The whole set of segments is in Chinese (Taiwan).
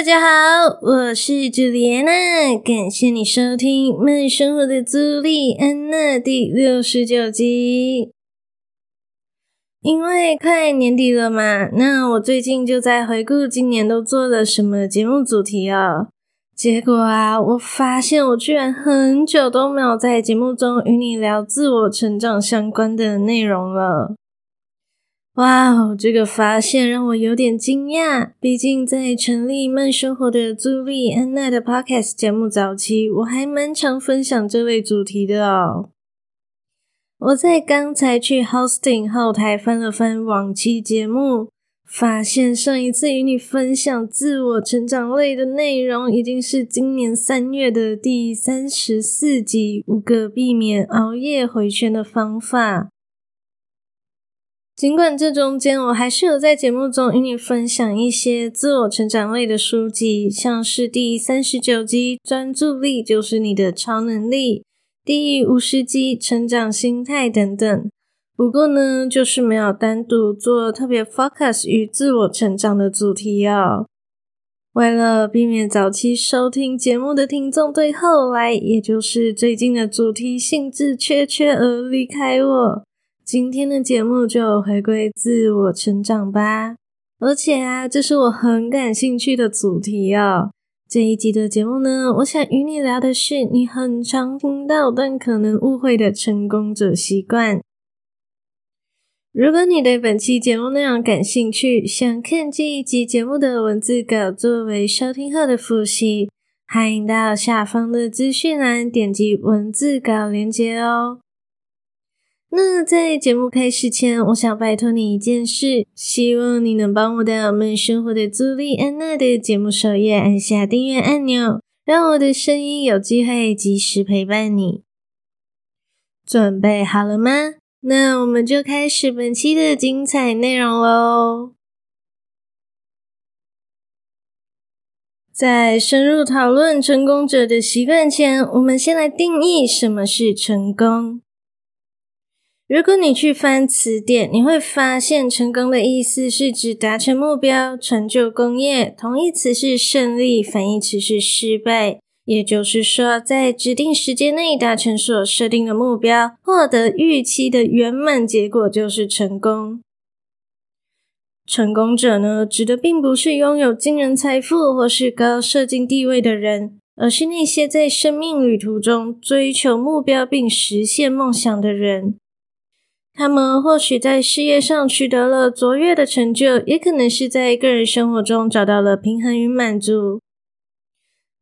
大家好，我是朱莉安娜，感謝你收聽《慢生活的朱莉安娜》第六十九集。因為快年底了嘛，那我最近就在回顧今年都做了什麼節目主題哦。結果啊，我發現我居然很久都沒有在節目中與你聊自我成長相關的內容了。哇哦，wow，這個發現讓我有點驚訝。畢竟在成立慢生活的朱莉安娜的 Podcast 節目早期，我還蠻常分享這類主題的哦。我在剛才去 Hosting 後台翻了翻往期節目，發現上一次與你分享自我成長類的內容，已經是今年三月的第三十四集《五個避免熬夜回圈的方法》。儘管這中間我還是有在節目中與你分享一些自我成長類的書籍，像是第三十九集《專注力就是你的超能力》，第五十集《成長心態》等等。不過呢，就是沒有單獨做特別 focus 於自我成長的主題哦。為了避免早期收聽節目的聽眾對後來，也就是最近的主題興致缺缺而離開我。今天的節目就回歸自我成長吧。而且啊，這是我很感興趣的主題哦。這一集的節目呢，我想與你聊的是你很常聽到但可能誤會的成功者習慣。如果你對本期節目內容感興趣，想看這一集節目的文字稿作為收聽後的複習，歡迎到下方的資訊欄點擊文字稿連結哦。那在節目開始前，我想拜托你一件事，希望你能幫我在慢生活的朱莉安娜的節目首頁按下訂閱按鈕，讓我的聲音有機會及時陪伴你。準備好了嗎？那我們就開始本期的精彩內容嘍。在深入討論成功者的習慣前，我們先來定義什麼是成功。如果你去翻詞典，你會發現“成功”的意思是指達成目標、成就功業。同義詞是勝利，反義詞是失敗。也就是說，在指定時間內達成所設定的目標，獲得預期的圓滿結果，就是成功。成功者呢，指的並不是擁有驚人財富或是高社經地位的人，而是那些在生命旅途中追求目標並實現夢想的人。他們或許在事業上取得了卓越的成就，也可能是在個人生活中找到了平衡與滿足。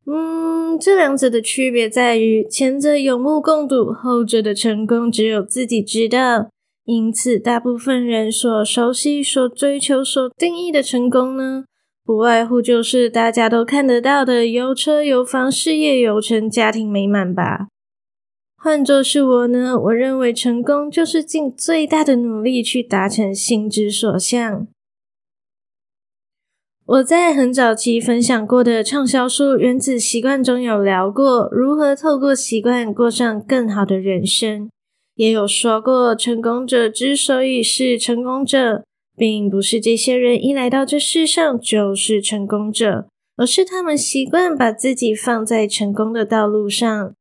嗯，這兩者的區別在於，前者有目共睹，後者的成功只有自己知道。因此，大部分人所熟悉、所追求、所定義的成功呢，不外乎就是大家都看得到的，有車有房、事業有成、家庭美滿吧。換作是我呢，我認為成功就是盡最大的努力去達成心之所向。我在很早期分享過的暢銷書《原子習慣》中有聊過如何透過習慣過上更好的人生，也有說過，成功者之所以是成功者，並不是這些人一來到這世上就是成功者，而是他們習慣把自己放在成功的道路上。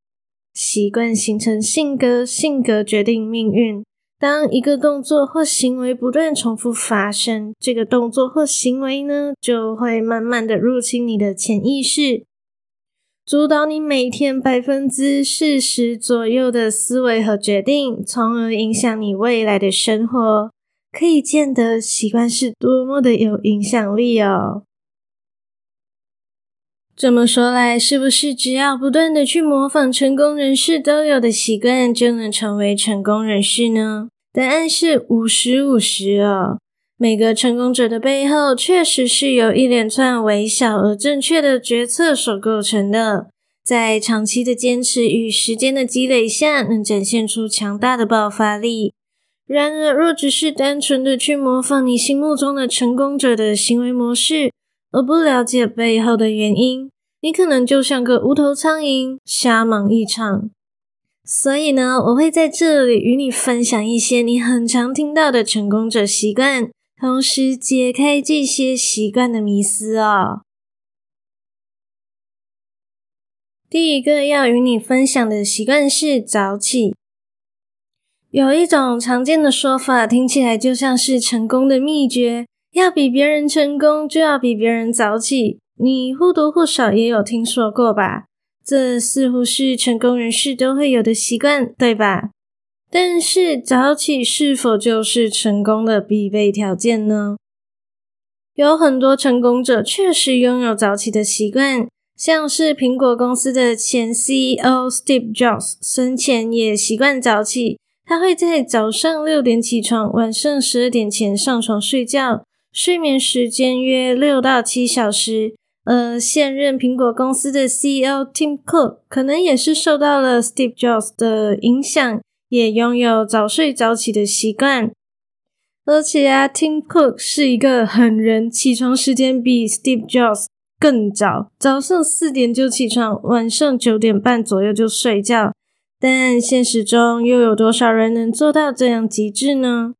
習慣形成性格，性格決定命運。當一個動作或行為不斷重複發生，這個動作或行為呢，就會慢慢的入侵你的潛意識，主導你每天百分之四十左右的思維和決定，從而影響你未來的生活。可以見得，習慣是多麼的有影響力哦。這麼說來，是不是只要不斷的去模仿成功人士都有的習慣，就能成為成功人士呢？答案是五十五十哦。每個成功者的背後，確實是由一連串微小而正確的決策所構成的，在長期的堅持與時間的積累下，能展現出強大的爆發力。然而，若只是單純的去模仿你心目中的成功者的行為模式，而不了解背後的原因，你可能就像個無頭蒼蠅，瞎忙一場。所以呢，我會在這裡與你分享一些你很常聽到的成功者習慣，同時解開這些習慣的迷思哦。第一個要與你分享的習慣是早起。有一種常見的說法，聽起來就像是成功的秘訣。要比別人成功，就要比別人早起。你或多或少也有聽說過吧？這似乎是成功人士都會有的習慣，對吧？但是早起是否就是成功的必備條件呢？有很多成功者確實擁有早起的習慣，像是蘋果公司的前 CEO Steve Jobs 生前也習慣早起，他會在早上六點起床，晚上十二點前上床睡覺。睡眠時間約六到七小時。呃，現任蘋果公司的 CEO Tim Cook 可能也是受到了 Steve Jobs 的影響，也擁有早睡早起的習慣。而且啊，Tim Cook 是一個狠人，起床時間比 Steve Jobs 更早，早上四點就起床，晚上九點半左右就睡覺。但現實中又有多少人能做到這樣極致呢？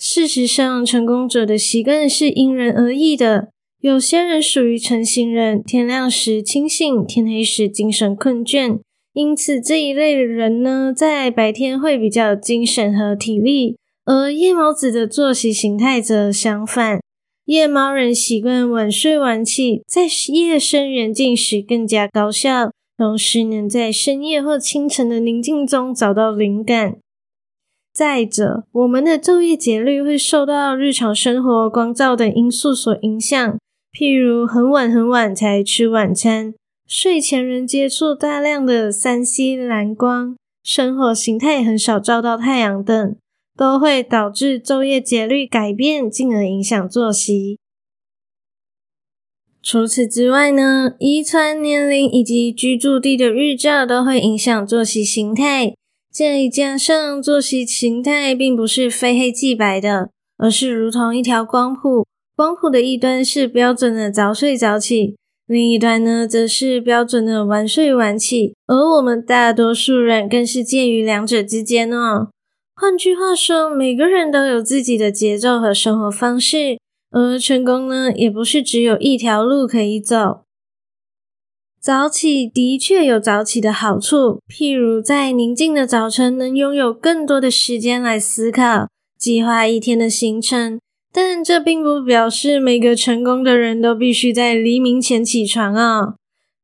事實上，成功者的習慣是因人而異的。有些人屬於晨型人，天亮時清醒，天黑時精神困倦，因此這一類的人呢，在白天會比較有精神和體力；而夜貓子的作息形態則相反，夜貓人習慣晚睡晚起，在夜深人靜時更加高效，同時能在深夜或清晨的寧靜中找到靈感。再者，我們的晝夜節律會受到日常生活、光照等因素所影響。譬如很晚很晚才吃晚餐，睡前人接觸大量的三 C 藍光，生活形態很少照到太陽等，都會導致晝夜節律改變，進而影響作息。除此之外呢，遺傳、年齡以及居住地的日照都會影響作息形態。建議加上作息形態，並不是非黑即白的，而是如同一條光譜。光譜的一端是標準的早睡早起，另一端呢，則是標準的晚睡晚起。而我們大多數人，更是介於兩者之間哦、喔。換句話說，每個人都有自己的節奏和生活方式，而成功呢，也不是只有一條路可以走。早起的確有早起的好處，譬如在寧靜的早晨能擁有更多的時間來思考、計劃一天的行程。但這並不表示每個成功的人都必須在黎明前起床哦，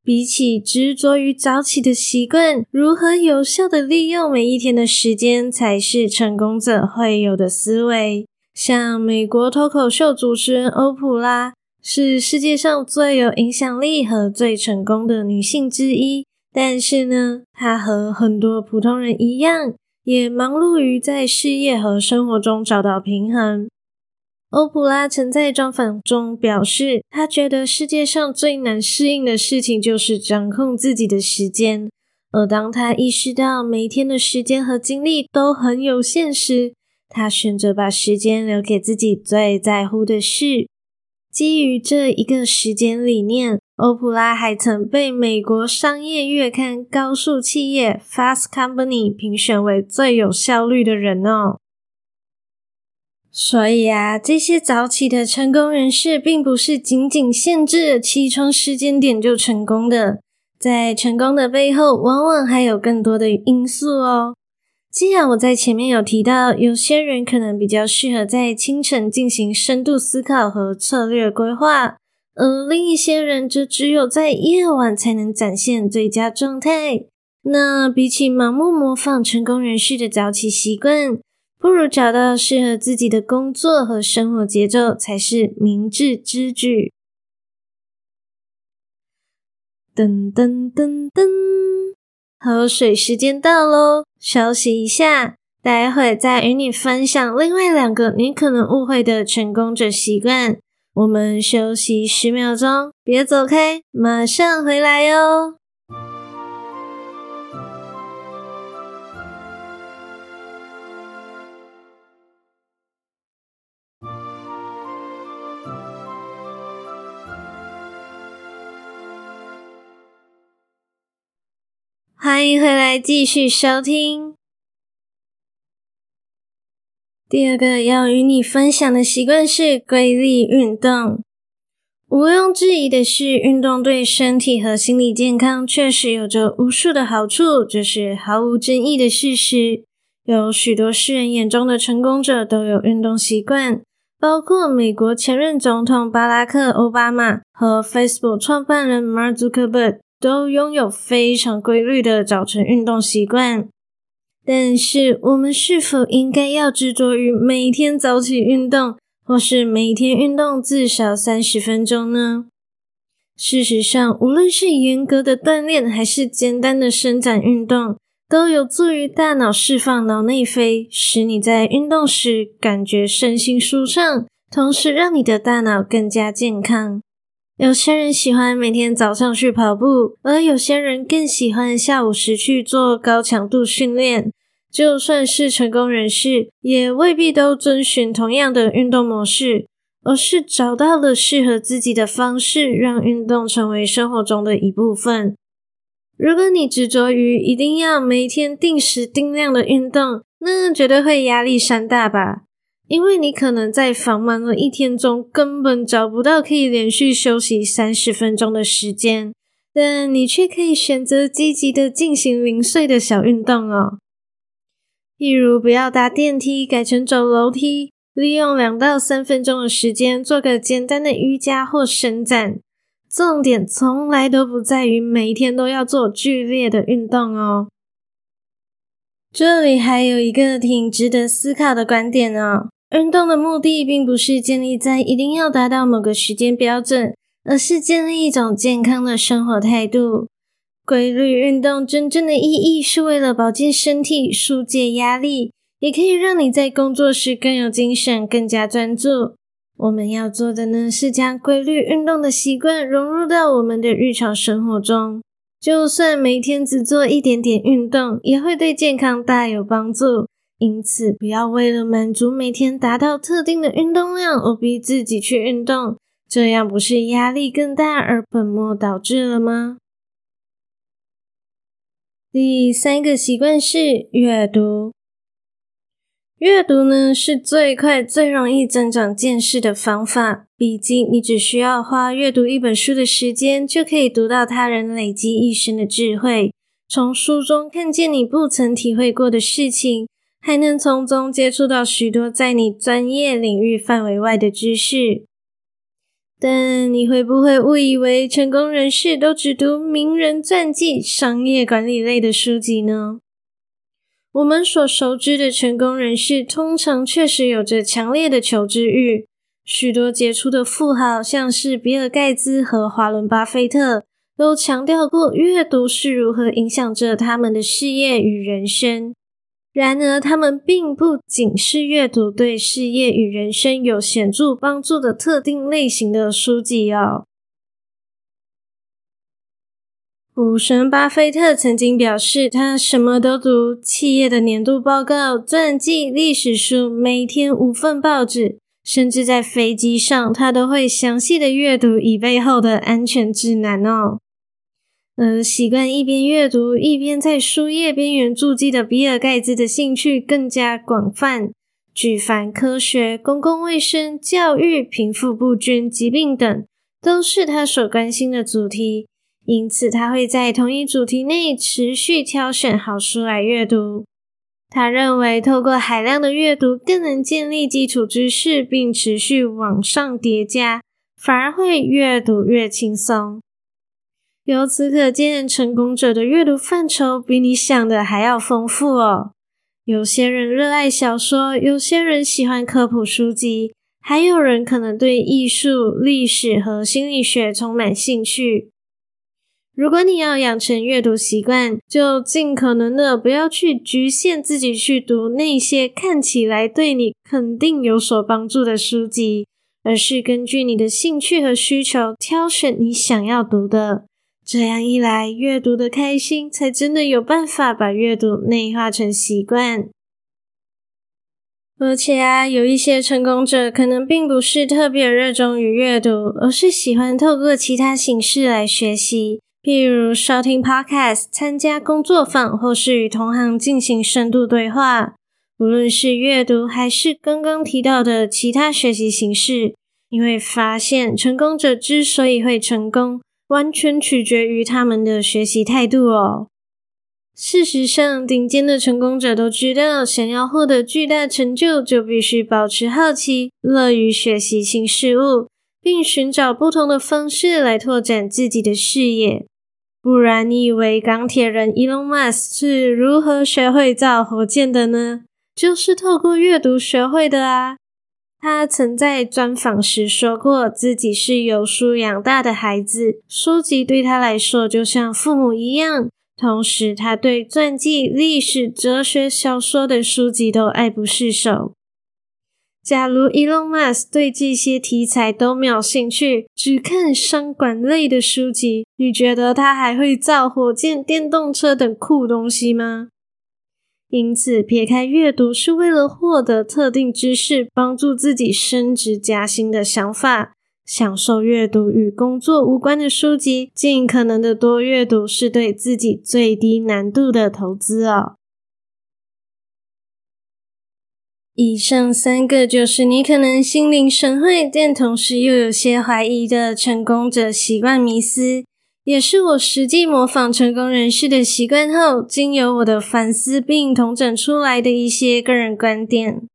比起執着於早起的習慣，如何有效地利用每一天的時間，才是成功者會有的思維。像美國脫口秀主持人歐普拉。是世界上最有影響力和最成功的女性之一，但是呢，她和很多普通人一樣，也忙碌於在事業和生活中找到平衡。歐普拉曾在專訪中表示，她覺得世界上最難適應的事情就是掌控自己的時間，而當她意識到每天的時間和精力都很有限時，她選擇把時間留給自己最在乎的事。基於這一個時間理念，歐普拉還曾被美國商業月刊《高速企業》（Fast Company） 評選為最有效率的人哦。所以啊，這些早起的成功人士，並不是僅僅限制了起床時間點就成功的，在成功的背後，往往還有更多的因素哦。既然我在前面有提到，有些人可能比較適合在清晨進行深度思考和策略規劃，而另一些人則只有在夜晚才能展現最佳狀態。那比起盲目模仿成功人士的早起習慣，不如找到適合自己的工作和生活節奏才是明智之舉。噔噔噔噔噔。喝水時間到嘍，休息一下，待會再與你分享另外兩個你可能誤會的成功者習慣。我們休息十秒鐘，別走開，馬上回來喲。歡迎回來，繼續收聽。第二個要與你分享的習慣是規律運動。毋庸置疑的是，運動對身體和心理健康確實有着無數的好處，這、就是毫無爭議的事實。有許多世人眼中的成功者都有運動習慣，包括美國前任總統巴拉克·歐巴馬和 Facebook 創辦人馬克·祖克柏。都擁有非常規律的早晨運動習慣，但是我們是否應該要執着於每天早起運動，或是每天運動至少三十分鐘呢？事實上，無論是嚴格的鍛鍊，還是簡單的伸展運動，都有助於大腦釋放腦內啡，使你在運動時感覺身心舒暢，同時讓你的大腦更加健康。有些人喜歡每天早上去跑步，而有些人更喜歡下午時去做高強度訓練。就算是成功人士，也未必都遵循同樣的運動模式，而是找到了適合自己的方式，讓運動成為生活中的一部分。如果你執着於一定要每天定時定量的運動，那絕對會壓力山大吧。因為你可能在繁忙的一天中根本找不到可以連續休息三十分鐘的時間，但你卻可以選擇積極的進行零碎的小運動哦，例如不要搭電梯，改成走樓梯，利用兩到三分鐘的時間做個簡單的瑜伽或伸展。重點從來都不在於每一天都要做劇烈的運動哦。這裡還有一個挺值得思考的觀點哦。運動的目的並不是建立在一定要達到某個時間標準，而是建立一種健康的生活態度。規律運動真正的意義是為了保健身體、紓解壓力，也可以讓你在工作時更有精神、更加專注。我們要做的呢，是將規律運動的習慣融入到我們的日常生活中。就算每天只做一點點運動，也會對健康大有幫助。因此，不要為了滿足每天達到特定的運動量而逼自己去運動，這樣不是壓力更大而本末倒置了嗎？第三個習慣是閱讀。閱讀呢，是最快最容易增長見識的方法。畢竟，你只需要花閱讀一本書的時間，就可以讀到他人累積一生的智慧，從書中看見你不曾體會過的事情。還能從中接觸到許多在你專業領域範圍外的知識，但你會不會誤以為成功人士都只讀名人傳記、商業管理類的書籍呢？我們所熟知的成功人士通常確實有着強烈的求知欲，許多傑出的富豪，像是比爾·蓋茨和華倫·巴菲特，都強調過閱讀是如何影響着他們的事業與人生。然而，他們並不僅是閱讀對事業與人生有顯著幫助的特定類型的書籍哦。股神巴菲特曾經表示，他什麼都讀，企業的年度報告、傳記、歷史書，每天五份報紙，甚至在飛機上，他都會詳細地閱讀以背後的安全指南哦。呃，習慣一邊閱讀一邊在書頁邊緣注記的比爾·蓋茨的興趣更加廣泛，舉凡科學、公共衛生、教育、貧富不均、疾病等，都是他所關心的主題。因此，他會在同一主題內持續挑選好書來閱讀。他認為，透過海量的閱讀，更能建立基礎知識，並持續往上疊加，反而會越讀越輕鬆。由此可見，成功者的閱讀範疇比你想的還要豐富哦。有些人熱愛小說，有些人喜歡科普書籍，還有人可能對藝術、歷史和心理學充滿興趣。如果你要養成閱讀習慣，就盡可能的不要去局限自己去讀那些看起來對你肯定有所幫助的書籍，而是根據你的興趣和需求挑選你想要讀的。這樣一來，閱讀的開心才真的有辦法把閱讀內化成習慣。而且啊，有一些成功者可能並不是特別熱衷於閱讀，而是喜歡透過其他形式來學習，譬如收聽 Podcast、參加工作坊，或是與同行進行深度對話。無論是閱讀還是剛剛提到的其他學習形式，你會發現，成功者之所以會成功，完全取決於他們的學習態度哦。事實上，頂尖的成功者都知道，想要獲得巨大成就，就必須保持好奇，樂於學習新事物，並尋找不同的方式來拓展自己的視野。不然，你以為鋼鐵人 Elon Musk 是如何學會造火箭的呢？就是透過閱讀學會的啊！他曾在專訪時說過，自己是由書養大的孩子，書籍對他來說就像父母一樣。同時，他對傳記、歷史、哲學、小說等書籍都愛不釋手。假如 Elon Musk 對這些題材都沒有興趣，只看商管類的書籍，你覺得他還會造火箭、電動車等酷東西嗎？因此，撇開閱讀是為了獲得特定知識、幫助自己升職加薪的想法，享受閱讀與工作無關的書籍，盡可能的多閱讀，是對自己最低難度的投資哦。以上三個就是你可能心領神會，但同時又有些懷疑的成功者習慣迷思。也是我實際模仿成功人士的習慣後，經由我的反思並統整出來的一些個人觀點。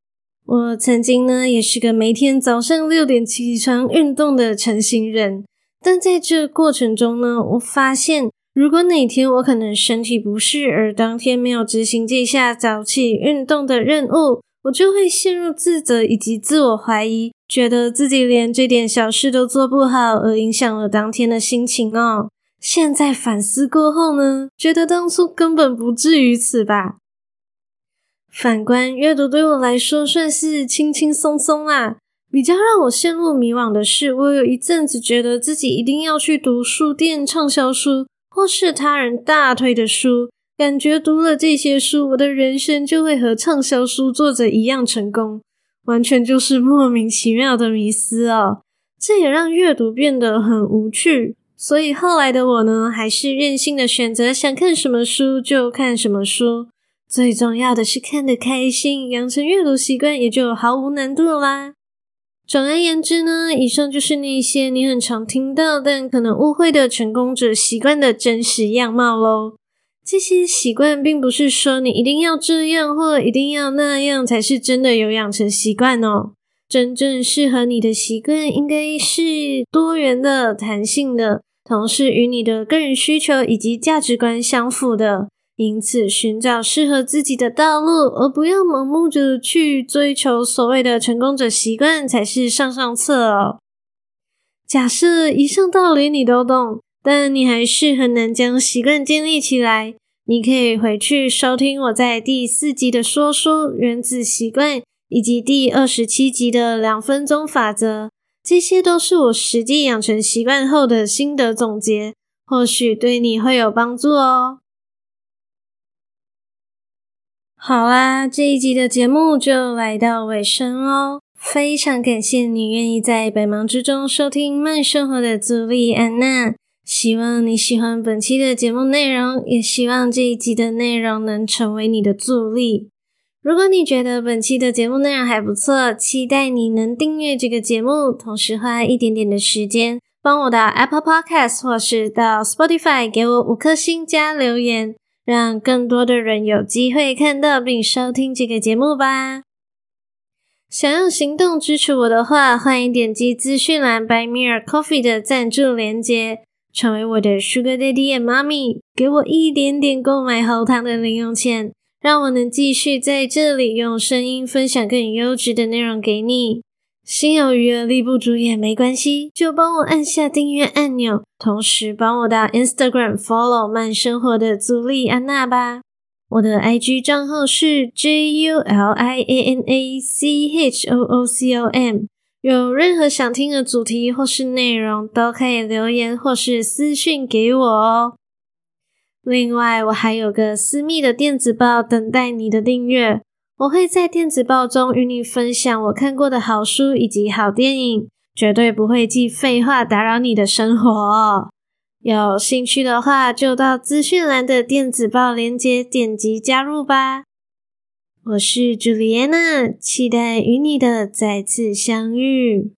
我曾經呢，也是個每天早上六點起床運動的晨型人，但在這過程中呢，我發現如果哪天我可能身體不適，而當天沒有執行這項早起運動的任務，我就會陷入自責以及自我懷疑，覺得自己連這點小事都做不好，而影響了當天的心情哦。現在反思過後呢，覺得當初根本不至於此吧。反觀閱讀對我來說算是輕輕鬆鬆啦。比較讓我陷入迷惘的是，我有一陣子覺得自己一定要去讀書店暢銷書或是他人大推的書，感覺讀了這些書，我的人生就會和暢銷書作者一樣成功，完全就是莫名其妙的迷思哦。這也讓閱讀變得很無趣。所以後來的我呢，還是任性的選擇想看什麼書就看什麼書，最重要的是看得開心，養成閱讀習慣也就毫無難度啦。總而言之呢，以上就是那些你很常聽到但可能誤會的成功者習慣的真實樣貌咯。這些習慣並不是說你一定要這樣或一定要那樣才是真的有養成習慣哦，真正適合你的習慣應該是多元的、彈性的。同時與你的個人需求以及價值觀相符的，因此尋找適合自己的道路，而不要盲目着去追求所謂的成功者習慣，才是上上策哦。假設以上道理你都懂，但你還是很難將習慣建立起來，你可以回去收聽我在第四集的說書《原子習慣》，以及第二十七集的兩分鐘法則。這些都是我實際養成習慣後的心得總結，或許對你會有幫助哦、喔。好啦，這一集的節目就來到尾聲哦。非常感謝你願意在百忙之中收聽慢生活的朱莉安娜，希望你喜歡本期的節目內容，也希望這一集的內容能成為你的助力。如果你覺得本期的節目內容還不錯，期待你能訂閱這個節目，同時花一點點的時間，幫我到 Apple Podcast 或是到 Spotify 給我五顆星加留言，讓更多的人有機會看到並收聽這個節目吧。想用行動支持我的話，歡迎點擊資訊欄 Buy Me a Coffee 的贊助連結，成為我的 Sugar Daddy and Mommy，給我一點點購買喉糖的零用錢。讓我能繼續在這裡用聲音分享更優質的內容給你。心有餘而力不足也沒關係，就幫我按下訂閱按鈕，同時幫我到 Instagram follow 慢生活的朱莉安娜吧。我的 IG 賬號是 julianachoocom。有任何想聽的主題或是內容，都可以留言或是私訊給我哦。另外，我還有個私密的電子報等待你的訂閱。我會在電子報中與你分享我看過的好書以及好電影，絕對不會寄廢話打擾你的生活。有興趣的話，就到資訊欄的電子報鏈接點擊加入吧。我是 Juliana，期待與你的再次相遇。